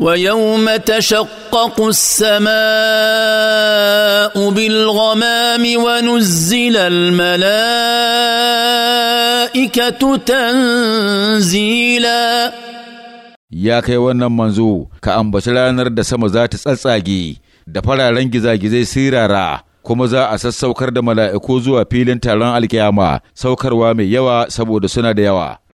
ويوم تشقق السماء بالغمام ونزل الملائكة تنزيلا يا kai wannan manzo ka ambaci ranar da sama za ta tsatsage da fararen gizagizai sirara kuma za a sassaukar da mala'iku zuwa filin taron alkiyama saukarwa mai yawa saboda suna da yawa